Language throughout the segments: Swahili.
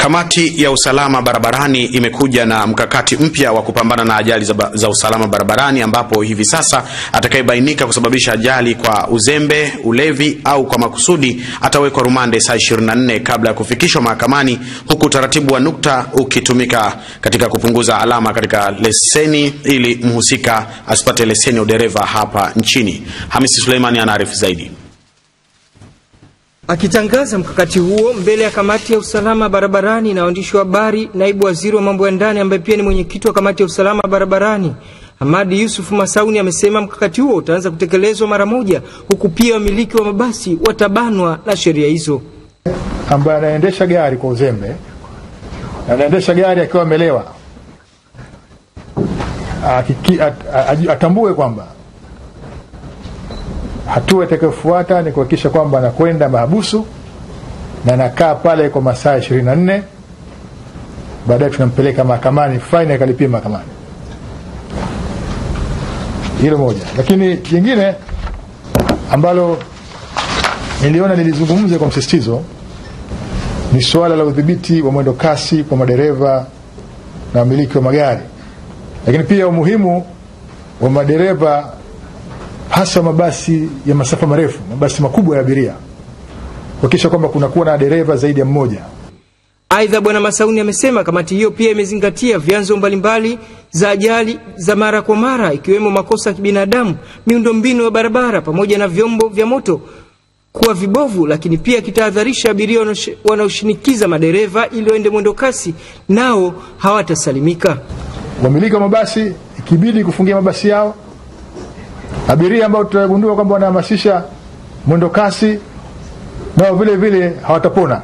Kamati ya usalama barabarani imekuja na mkakati mpya wa kupambana na ajali za, za usalama barabarani ambapo hivi sasa atakayebainika kusababisha ajali kwa uzembe, ulevi au kwa makusudi atawekwa rumande saa 24 kabla ya kufikishwa mahakamani, huku utaratibu wa nukta ukitumika katika kupunguza alama katika leseni ili mhusika asipate leseni ya udereva hapa nchini. Hamisi Suleimani anaarifu zaidi. Akitangaza mkakati huo mbele ya kamati ya usalama barabarani na waandishi wa habari, naibu waziri wa mambo ya ndani ambaye pia ni mwenyekiti wa kamati ya usalama barabarani Hamadi Yusuf Masauni amesema mkakati huo utaanza kutekelezwa mara moja, huku pia wamiliki wa mabasi watabanwa na sheria hizo. Ambaye anaendesha gari kwa uzembe, anaendesha gari akiwa amelewa, atambue kwamba hatua itakayofuata ni kuhakikisha kwamba anakwenda mahabusu na anakaa pale kwa masaa ishirini na nne baadaye tunampeleka mahakamani faini akalipia mahakamani hilo moja lakini jingine ambalo niliona nilizungumze kwa msistizo ni suala la udhibiti wa mwendo kasi kwa madereva na wamiliki wa magari lakini pia umuhimu wa madereva hasa mabasi ya masafa marefu, mabasi makubwa ya abiria, kuhakikisha kwamba kunakuwa na dereva zaidi ya mmoja. Aidha, Bwana Masauni amesema kamati hiyo pia imezingatia vyanzo mbalimbali za ajali za mara kwa mara ikiwemo makosa ya kibinadamu, miundombinu ya barabara pamoja na vyombo vya moto kuwa vibovu, lakini pia kitahadharisha abiria wanaoshinikiza madereva ili waende mwendo kasi, nao hawatasalimika. Wamiliki wa mabasi ikibidi kufungia mabasi yao abiria ambao tutagundua kwamba wanahamasisha mwendo kasi nao vile vile hawatapona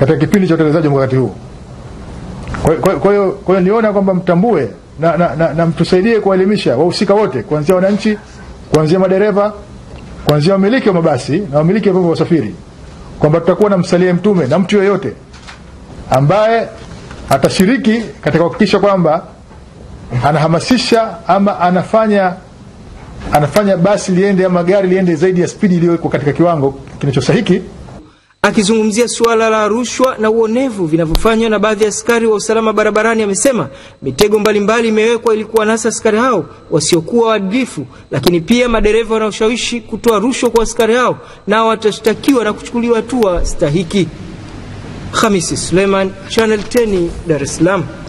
katika kipindi cha utekelezaji wa mkakati huu. Kwa hiyo niona kwamba mtambue na, na, na, na mtusaidie kuwaelimisha wahusika wote, kuanzia wananchi, kuanzia madereva, kuanzia wamiliki wa mabasi na wamiliki wa vyombo vya usafiri, kwamba tutakuwa na msalia mtume na mtu yoyote ambaye atashiriki katika kuhakikisha kwamba anahamasisha ama anafanya anafanya basi liende ama gari liende zaidi ya spidi iliyowekwa katika kiwango kinachostahiki. Akizungumzia suala la rushwa na uonevu vinavyofanywa na baadhi ya askari wa usalama barabarani, amesema mitego mbalimbali imewekwa ili kuwanasa askari hao wasiokuwa waadilifu, lakini pia madereva wanaoshawishi kutoa rushwa kwa askari hao nao watashtakiwa na kuchukuliwa hatua stahiki. Hamisi Suleiman, Channel 10, Dar es Salaam.